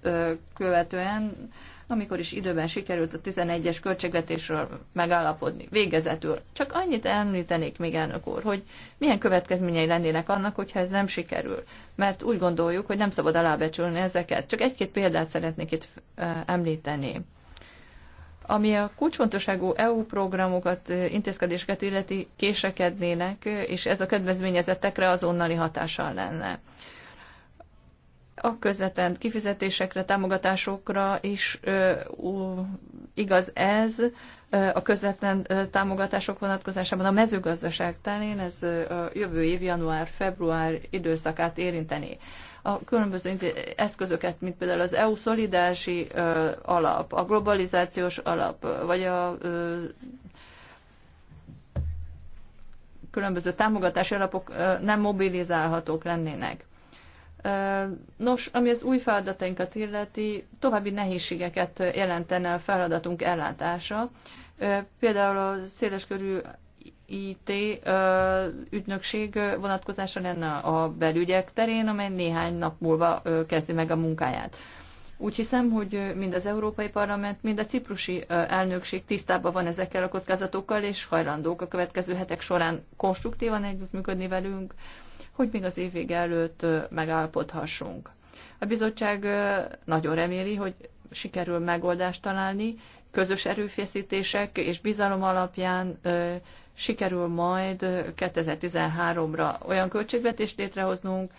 követően, amikor is időben sikerült a 11-es költségvetésről megállapodni. Végezetül. Csak annyit említenék még, elnök úr, hogy milyen következményei lennének annak, hogyha ez nem sikerül. Mert úgy gondoljuk, hogy nem szabad alábecsülni ezeket. Csak egy-két példát szeretnék itt említeni. Ami a kulcsfontosságú EU programokat, intézkedéseket illeti, késekednének, és ez a kedvezményezettekre azonnali hatással lenne a közvetlen kifizetésekre, támogatásokra is igaz ez, a közvetlen támogatások vonatkozásában a mezőgazdaság terén ez a jövő év január-február időszakát érinteni. A különböző eszközöket, mint például az EU szolidási alap, a globalizációs alap, vagy a különböző támogatási alapok nem mobilizálhatók lennének. Nos, ami az új feladatainkat illeti, további nehézségeket jelentene a feladatunk ellátása. Például a széleskörű IT ügynökség vonatkozása lenne a belügyek terén, amely néhány nap múlva kezdi meg a munkáját. Úgy hiszem, hogy mind az Európai Parlament, mind a ciprusi elnökség tisztában van ezekkel a kockázatokkal, és hajlandók a következő hetek során konstruktívan együttműködni velünk, hogy még az év vége előtt megállapodhassunk. A bizottság nagyon reméli, hogy sikerül megoldást találni, közös erőfeszítések és bizalom alapján sikerül majd 2013-ra olyan költségvetést létrehoznunk,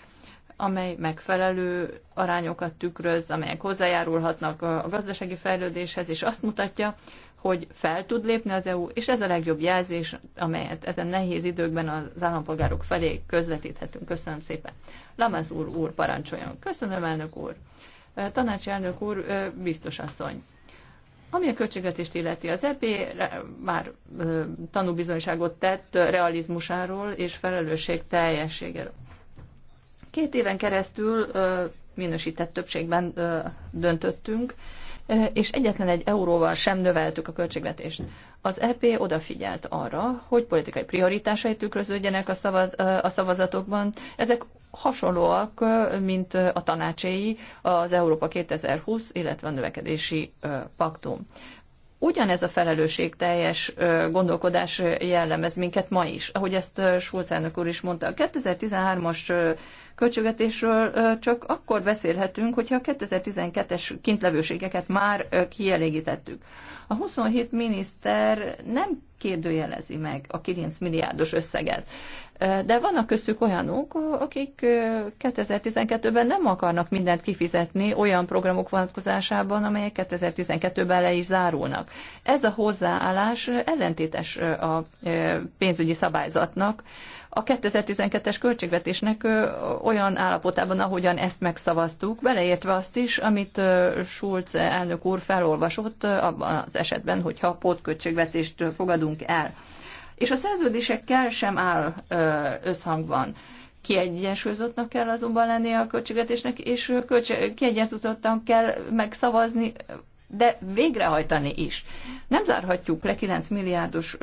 amely megfelelő arányokat tükröz, amelyek hozzájárulhatnak a gazdasági fejlődéshez, és azt mutatja, hogy fel tud lépni az EU, és ez a legjobb jelzés, amelyet ezen nehéz időkben az állampolgárok felé közvetíthetünk. Köszönöm szépen. Lamaz úr, úr, parancsoljon. Köszönöm, elnök úr. Tanácselnök úr, biztos asszony. Ami a költségvetést illeti, az EP már tanúbizonyságot tett realizmusáról és felelősség teljességéről. Két éven keresztül minősített többségben döntöttünk, és egyetlen egy euróval sem növeltük a költségvetést. Az EP odafigyelt arra, hogy politikai prioritásai tükröződjenek a, szavaz, a szavazatokban. Ezek hasonlóak, mint a tanácséi, az Európa 2020, illetve a növekedési paktum. Ugyanez a felelősség teljes gondolkodás jellemez minket ma is. Ahogy ezt Schulz elnök úr is mondta, a 2013-as költségvetésről csak akkor beszélhetünk, hogyha a 2012-es kintlevőségeket már kielégítettük. A 27 miniszter nem kérdőjelezi meg a 9 milliárdos összeget. De vannak köztük olyanok, akik 2012-ben nem akarnak mindent kifizetni olyan programok vonatkozásában, amelyek 2012-ben le is zárulnak. Ez a hozzáállás ellentétes a pénzügyi szabályzatnak, a 2012-es költségvetésnek olyan állapotában, ahogyan ezt megszavaztuk, beleértve azt is, amit Schulz elnök úr felolvasott abban az esetben, hogyha pótköltségvetést fogadunk el és a szerződésekkel sem áll összhangban. Kiegyensúlyozottnak kell azonban lenni a költségvetésnek, és kiegyensúlyozottan kell megszavazni, de végrehajtani is. Nem zárhatjuk le 9 milliárdos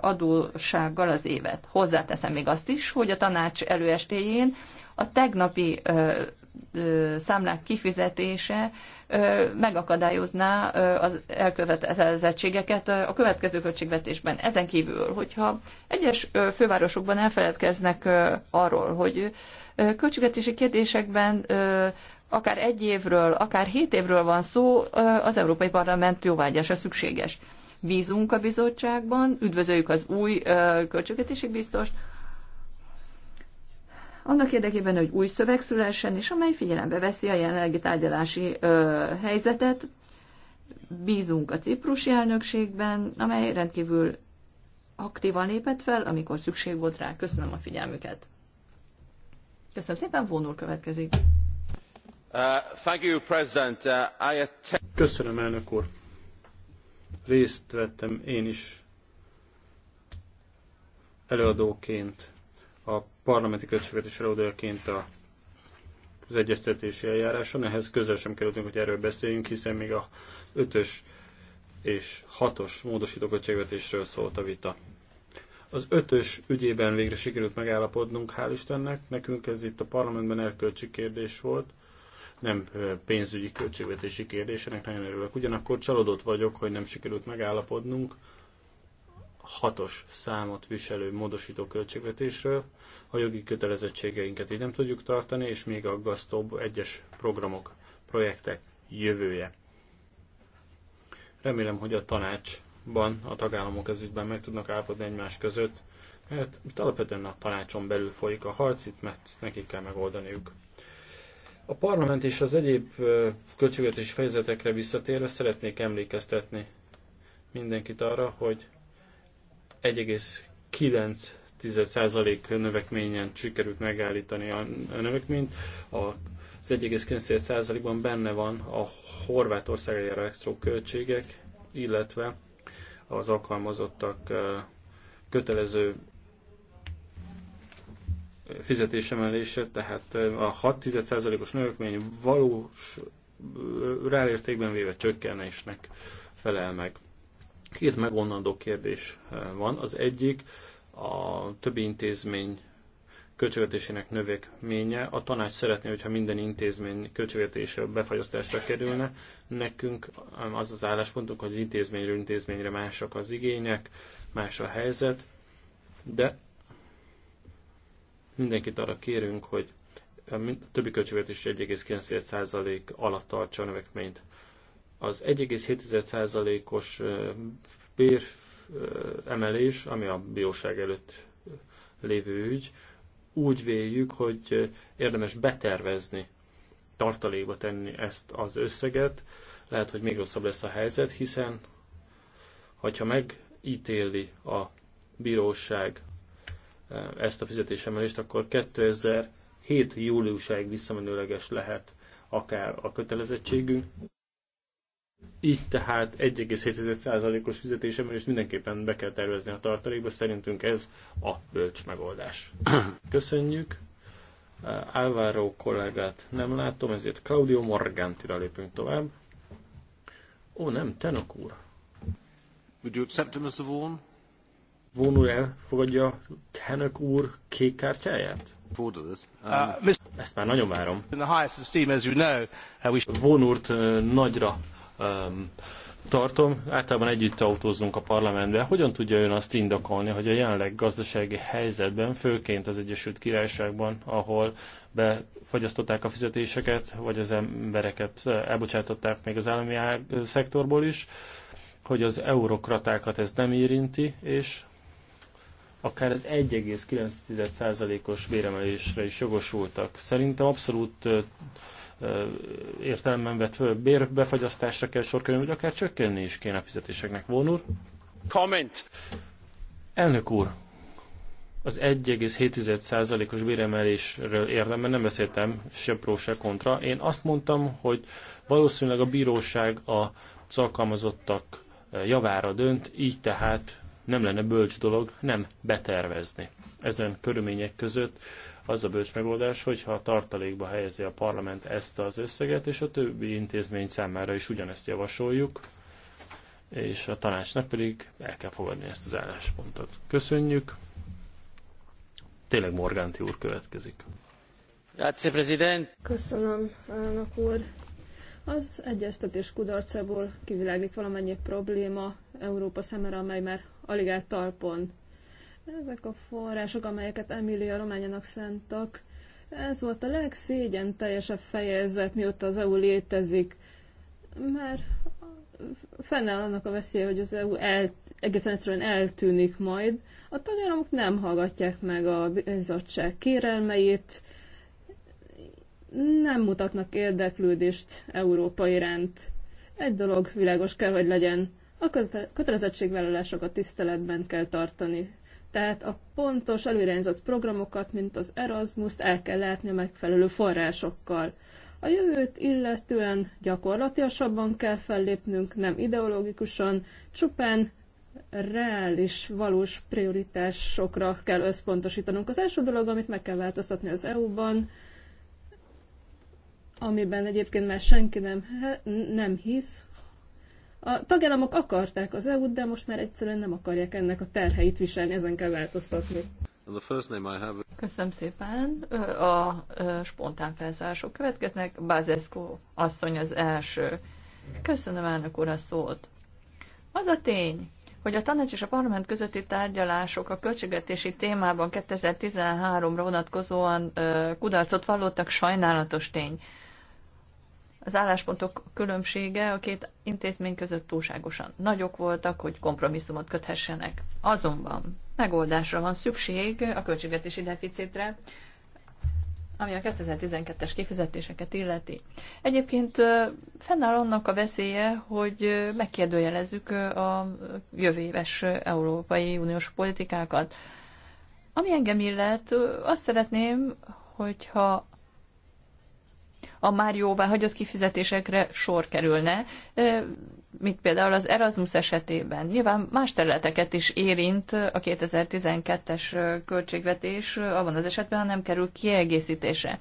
adósággal az évet. Hozzáteszem még azt is, hogy a tanács előestéjén a tegnapi ö, számlák kifizetése megakadályozná az elkövetelezettségeket a következő költségvetésben. Ezen kívül, hogyha egyes fővárosokban elfeledkeznek arról, hogy költségvetési kérdésekben akár egy évről, akár hét évről van szó, az Európai Parlament jóvágyása szükséges. Bízunk a bizottságban, üdvözöljük az új költségvetési biztost, annak érdekében, hogy új szöveg szülessen, és amely figyelembe veszi a jelenlegi tárgyalási ö, helyzetet. Bízunk a ciprusi elnökségben, amely rendkívül aktívan lépett fel, amikor szükség volt rá. Köszönöm a figyelmüket. Köszönöm szépen, vonul következik. Uh, thank you, President. Uh, I Köszönöm, elnök úr. Részt vettem én is előadóként a parlamenti költségvetés előadóként a az egyeztetési eljáráson, ehhez közel sem kerültünk, hogy erről beszéljünk, hiszen még a 5-ös és 6-os módosító költségvetésről szólt a vita. Az 5-ös ügyében végre sikerült megállapodnunk, hál' Istennek, nekünk ez itt a parlamentben erkölcsi kérdés volt, nem pénzügyi költségvetési ennek nagyon örülök. Ugyanakkor csalódott vagyok, hogy nem sikerült megállapodnunk hatos számot viselő módosító költségvetésről, a jogi kötelezettségeinket így nem tudjuk tartani, és még aggasztóbb egyes programok, projektek jövője. Remélem, hogy a tanácsban a tagállamok ezügyben meg tudnak állapodni egymás között, mert itt alapvetően a tanácson belül folyik a harc, itt mert nekik kell megoldaniuk. A parlament és az egyéb költségvetési fejezetekre visszatérve szeretnék emlékeztetni mindenkit arra, hogy 1,9% növekményen sikerült megállítani a növekményt. Az 1,9%-ban benne van a Horvátország elektro költségek, illetve az alkalmazottak kötelező fizetésemelése, tehát a 6%-os növekmény valós ráértékben véve csökkenésnek felel meg. Két megvonandó kérdés eh, van. Az egyik a többi intézmény költségvetésének növekménye. A tanács szeretné, hogyha minden intézmény költségvetése befagyasztásra kerülne. Nekünk eh, az az álláspontunk, hogy intézményről intézményre másak az igények, más a helyzet, de mindenkit arra kérünk, hogy a eh, többi költségvetés 1,9% alatt tartsa a növekményt. Az 1,7%-os bér emelés, ami a bíróság előtt lévő ügy, úgy véljük, hogy érdemes betervezni, tartalékba tenni ezt az összeget. Lehet, hogy még rosszabb lesz a helyzet, hiszen hogyha megítéli a bíróság ezt a fizetésemelést, akkor 2007. júliusáig visszamenőleges lehet akár a kötelezettségünk, így tehát 1,7%-os is mindenképpen be kell tervezni a tartalékba, szerintünk ez a bölcs megoldás. Köszönjük! Álváró kollégát nem látom, ezért Claudio Morgantira lépünk tovább. Ó, nem, Tenok úr. Would you accept him, Mr. Vaughan? Vaughan úr elfogadja Tenok úr kék kártyáját? Uh, um, Ezt már nagyon várom. Uh, Vaughan úrt uh, nagyra um, tartom. Általában együtt autózunk a parlamentbe. Hogyan tudja ön azt indokolni, hogy a jelenleg gazdasági helyzetben, főként az Egyesült Királyságban, ahol befagyasztották a fizetéseket, vagy az embereket elbocsátották még az állami szektorból is, hogy az eurokratákat ez nem érinti, és akár az 1,9%-os béremelésre is jogosultak. Szerintem abszolút értelemben vett bérbefagyasztásra kell sor kerülni, vagy akár csökkenni is kéne a fizetéseknek. Von úr? Comment. Elnök úr, az 1,7%-os béremelésről érdemben nem beszéltem se pró, se kontra. Én azt mondtam, hogy valószínűleg a bíróság a alkalmazottak javára dönt, így tehát nem lenne bölcs dolog nem betervezni ezen körülmények között az a bölcs megoldás, hogyha a tartalékba helyezi a parlament ezt az összeget, és a többi intézmény számára is ugyanezt javasoljuk, és a tanácsnak pedig el kell fogadni ezt az álláspontot. Köszönjük! Tényleg Morganti úr következik. Grazie, President. Köszönöm, elnök úr. Az egyeztetés kudarcából kiviláglik valamennyi probléma Európa szemére, amely már alig áll talpon. Ezek a források, amelyeket Emilia Rományának szántak, ez volt a legszégyen teljesebb fejezet, mióta az EU létezik, mert fennáll annak a veszélye, hogy az EU el, egészen egyszerűen eltűnik majd. A tagállamok nem hallgatják meg a bizottság kérelmeit, nem mutatnak érdeklődést Európa iránt. Egy dolog világos kell, hogy legyen, a kötelezettségvállalásokat tiszteletben kell tartani. Tehát a pontos előrejelzett programokat, mint az Erasmus-t el kell látni a megfelelő forrásokkal. A jövőt illetően gyakorlatilasabban kell fellépnünk, nem ideológikusan, csupán reális, valós prioritásokra kell összpontosítanunk. Az első dolog, amit meg kell változtatni az EU-ban, amiben egyébként már senki nem, nem hisz, a tagállamok akarták az EU-t, de most már egyszerűen nem akarják ennek a terheit viselni, ezen kell változtatni. Köszönöm szépen. A spontán felszállások következnek. Bázeszko asszony az első. Köszönöm elnök úr a szót. Az a tény, hogy a tanács és a parlament közötti tárgyalások a költségvetési témában 2013-ra vonatkozóan kudarcot vallottak, sajnálatos tény az álláspontok különbsége a két intézmény között túlságosan nagyok voltak, hogy kompromisszumot köthessenek. Azonban megoldásra van szükség a költségvetési deficitre, ami a 2012-es kifizetéseket illeti. Egyébként fennáll annak a veszélye, hogy megkérdőjelezzük a jövő éves európai uniós politikákat. Ami engem illet, azt szeretném, hogyha a már jóvá hagyott kifizetésekre sor kerülne, mint például az Erasmus esetében. Nyilván más területeket is érint a 2012-es költségvetés, abban az esetben, ha nem kerül kiegészítése.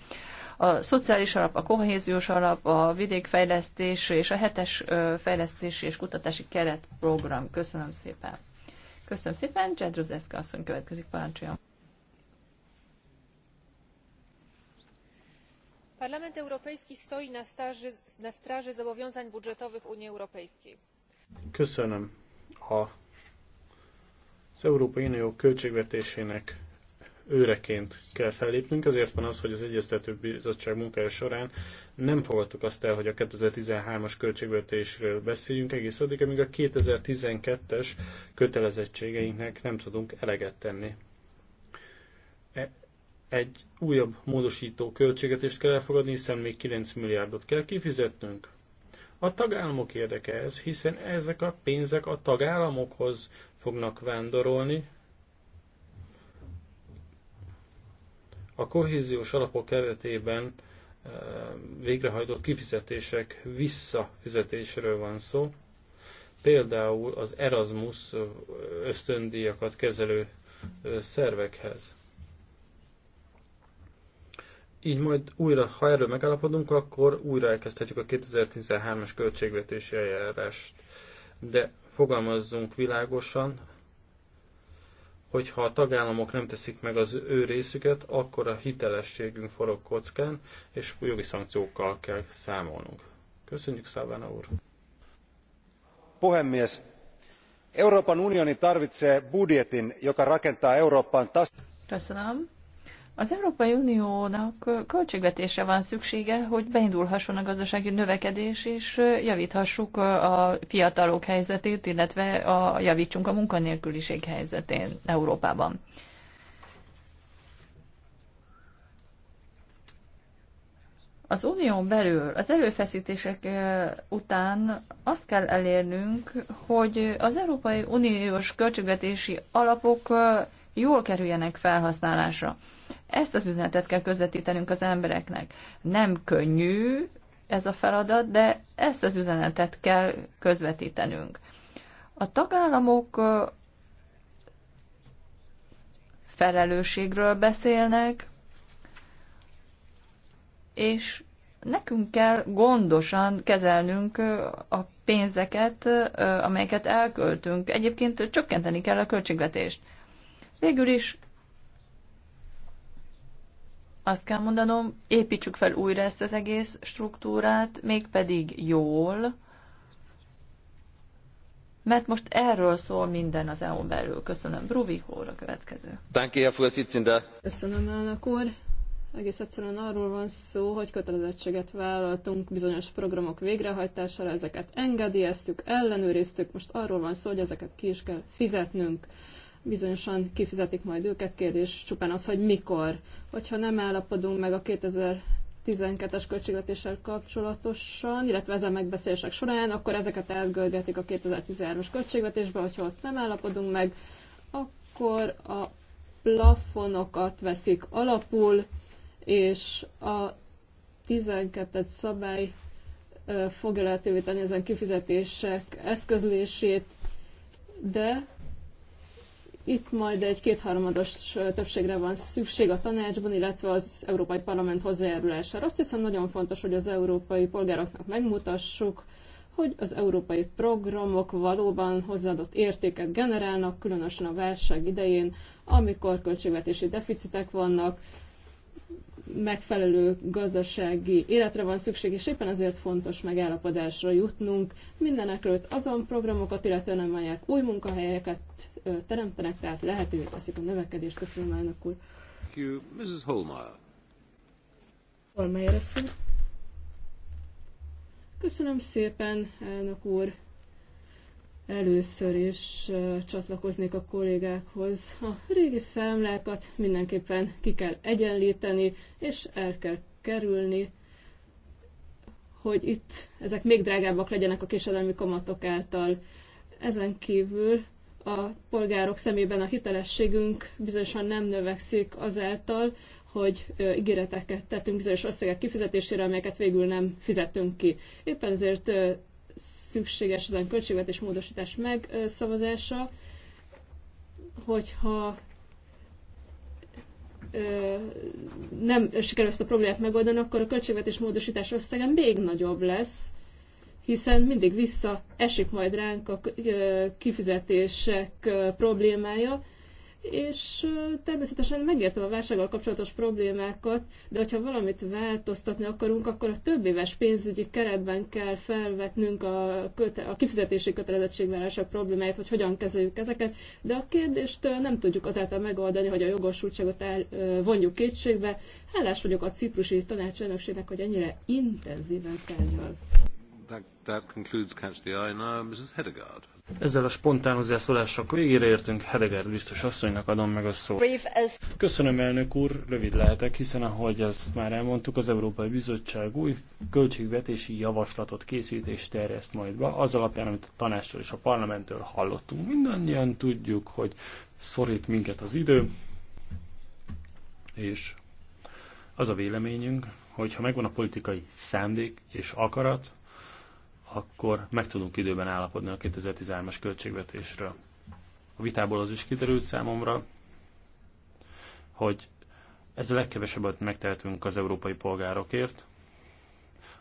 A szociális alap, a kohéziós alap, a vidékfejlesztés és a hetes fejlesztési és kutatási keretprogram. Köszönöm szépen. Köszönöm szépen, Csedruzeszka asszony következik, parancsoljon. parlament europejski stoi na, straży zobowiązań budżetowych unii europejskiej. köszönöm a az európai unió költségvetésének őreként kell fellépnünk, ezért van az, hogy az Egyeztető Bizottság munkája során nem fogadtuk azt el, hogy a 2013-as költségvetésről beszéljünk egész addig, amíg a 2012-es kötelezettségeinknek nem tudunk eleget tenni. E, egy újabb módosító is kell elfogadni, hiszen még 9 milliárdot kell kifizetnünk. A tagállamok érdeke ez, hiszen ezek a pénzek a tagállamokhoz fognak vándorolni. A kohéziós alapok keretében eh, végrehajtott kifizetések visszafizetésről van szó. Például az Erasmus eh, ösztöndíjakat kezelő eh, szervekhez. Így majd újra, ha erről megállapodunk, akkor újra elkezdhetjük a 2013-as költségvetési eljárást. De fogalmazzunk világosan, hogyha a tagállamok nem teszik meg az ő részüket, akkor a hitelességünk forog kockán, és jogi szankciókkal kell számolnunk. Köszönjük, Szávána úr! Puhemies! Euroopan unioni tarvitsee budjetin, joka rakentaa Euroopan tas... Köszönöm az Európai Uniónak költségvetésre van szüksége, hogy beindulhasson a gazdasági növekedés, és javíthassuk a fiatalok helyzetét, illetve a, javítsunk a munkanélküliség helyzetén Európában. Az unión belül az előfeszítések eh, után azt kell elérnünk, hogy az Európai Uniós költségvetési alapok eh, jól kerüljenek felhasználásra. Ezt az üzenetet kell közvetítenünk az embereknek. Nem könnyű ez a feladat, de ezt az üzenetet kell közvetítenünk. A tagállamok felelősségről beszélnek, és nekünk kell gondosan kezelnünk a pénzeket, amelyeket elköltünk. Egyébként csökkenteni kell a költségvetést. Végül is azt kell mondanom, építsük fel újra ezt az egész struktúrát, mégpedig jól, mert most erről szól minden az EU-n belül. Köszönöm. Bruvik úr a következő. Köszönöm, elnök úr. Egész egyszerűen arról van szó, hogy kötelezettséget vállaltunk bizonyos programok végrehajtására, ezeket engedélyeztük, ellenőriztük, most arról van szó, hogy ezeket ki is kell fizetnünk bizonyosan kifizetik majd őket, kérdés csupán az, hogy mikor. Hogyha nem állapodunk meg a 2012-es költségvetéssel kapcsolatosan, illetve ezen megbeszélések során, akkor ezeket elgörgetik a 2013-as költségvetésbe, hogyha ott nem állapodunk meg, akkor a plafonokat veszik alapul, és a 12. szabály fogja lehetővé tenni ezen kifizetések eszközlését, de itt majd egy kétharmados többségre van szükség a tanácsban, illetve az Európai Parlament hozzájárulására. Azt hiszem nagyon fontos, hogy az európai polgároknak megmutassuk, hogy az európai programok valóban hozzáadott értéket generálnak, különösen a válság idején, amikor költségvetési deficitek vannak, megfelelő gazdasági életre van szükség, és éppen ezért fontos megállapodásra jutnunk. Mindenekről azon programokat, illetve nem amelyek új munkahelyeket teremtenek, tehát lehetővé teszik a növekedést. Köszönöm, elnök úr. Thank you. Mrs. Holmeyer. Holmeyer asszony. Köszönöm szépen, elnök úr. Először is csatlakoznék a kollégákhoz. A régi számlákat mindenképpen ki kell egyenlíteni, és el kell kerülni, hogy itt ezek még drágábbak legyenek a késedelmi kamatok által. Ezen kívül a polgárok szemében a hitelességünk bizonyosan nem növekszik azáltal, hogy ígéreteket tettünk bizonyos összegek kifizetésére, amelyeket végül nem fizetünk ki. Éppen ezért szükséges ezen költségvetés módosítás megszavazása, hogyha nem sikerül ezt a problémát megoldani, akkor a költségvetés módosítás összege még nagyobb lesz, hiszen mindig vissza esik majd ránk a kifizetések problémája, és természetesen megértem a válsággal kapcsolatos problémákat, de hogyha valamit változtatni akarunk, akkor a több éves pénzügyi keretben kell felvetnünk a, köte- a kifizetési kötelezettségvállalások problémáit, hogy hogyan kezeljük ezeket, de a kérdést nem tudjuk azáltal megoldani, hogy a jogosultságot el, vonjuk kétségbe. Hálás vagyok a ciprusi tanácselnökségnek, hogy ennyire intenzíven tárgyal. That, that concludes Catch the Eye now, Mrs. Hedegaard. Ezzel a spontán hozzászólások végére értünk, Hedeger biztos asszonynak adom meg a szót. Köszönöm, elnök úr, rövid lehetek, hiszen ahogy azt már elmondtuk, az Európai Bizottság új költségvetési javaslatot készít és terjeszt majd be, az alapján, amit a tanástól és a parlamenttől hallottunk. Mindannyian tudjuk, hogy szorít minket az idő, és az a véleményünk, hogy ha megvan a politikai szándék és akarat, akkor meg tudunk időben állapodni a 2013-as költségvetésről. A vitából az is kiderült számomra, hogy ez a legkevesebbet megtehetünk az európai polgárokért,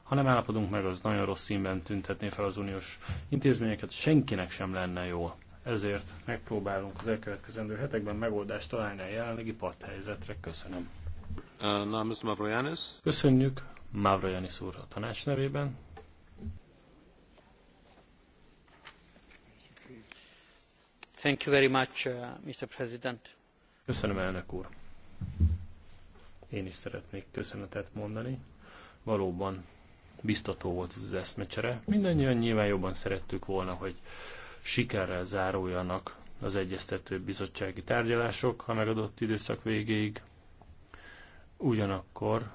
ha nem állapodunk meg, az nagyon rossz színben tüntetné fel az uniós intézményeket, senkinek sem lenne jó. Ezért megpróbálunk az elkövetkezendő hetekben megoldást találni a jelenlegi parthelyzetre. Köszönöm. Uh, Na, Mr. Mavroyanis. Köszönjük Mavroyanis úr a tanács nevében. Uh, Köszönöm, elnök úr. Én is szeretnék köszönetet mondani. Valóban biztató volt ez az eszmecsere. Mindannyian nyilván jobban szerettük volna, hogy sikerrel záruljanak az egyeztető bizottsági tárgyalások a megadott időszak végéig. Ugyanakkor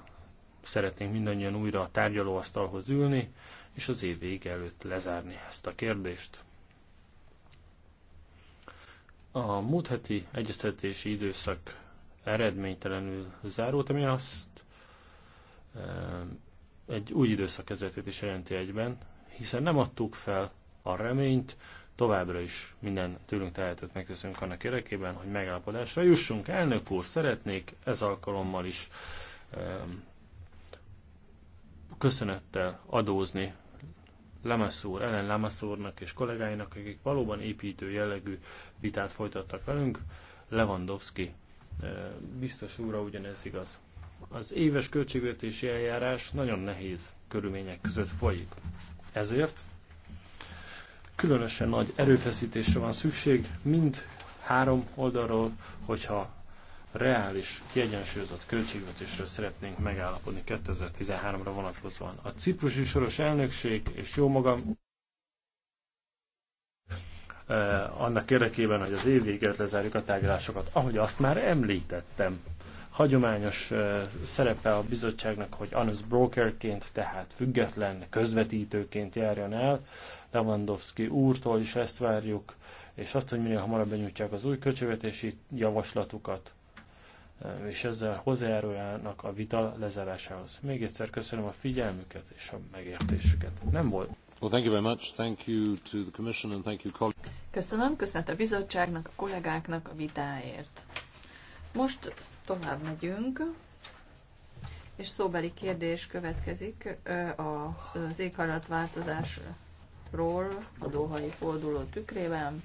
szeretnénk mindannyian újra a tárgyalóasztalhoz ülni, és az év vége előtt lezárni ezt a kérdést. A múlt heti egyeztetési időszak eredménytelenül zárult, ami azt e, egy új időszak kezdetét is jelenti egyben, hiszen nem adtuk fel a reményt, továbbra is minden tőlünk tehetőt megteszünk annak érdekében, hogy megállapodásra jussunk. Elnök úr, szeretnék ez alkalommal is e, köszönettel adózni Lamassur, Ellen Lamassurnak és kollégáinak, akik valóban építő jellegű vitát folytattak velünk. Lewandowski eh, biztos úra ugyanez igaz. Az éves költségvetési eljárás nagyon nehéz körülmények között folyik. Ezért különösen nagy erőfeszítésre van szükség, mind három oldalról, hogyha reális, kiegyensúlyozott költségvetésről szeretnénk megállapodni 2013-ra vonatkozóan. A ciprusi soros elnökség és jó magam eh, annak érdekében, hogy az év végére lezárjuk a tárgyalásokat. Ahogy azt már említettem, hagyományos eh, szerepe a bizottságnak, hogy Anus brokerként, tehát független közvetítőként járjon el. Lewandowski úrtól is ezt várjuk, és azt, hogy minél hamarabb benyújtsák az új költségvetési javaslatukat, és ezzel hozzájárulnak a vita lezárásához. Még egyszer köszönöm a figyelmüket és a megértésüket. Nem volt. Well, thank you very much. Thank you to the Commission and thank you, Köszönöm, köszönet a bizottságnak, a kollégáknak a vitáért. Most tovább megyünk, és szóbeli kérdés következik az éghajlatváltozásról a Dohai forduló tükrében.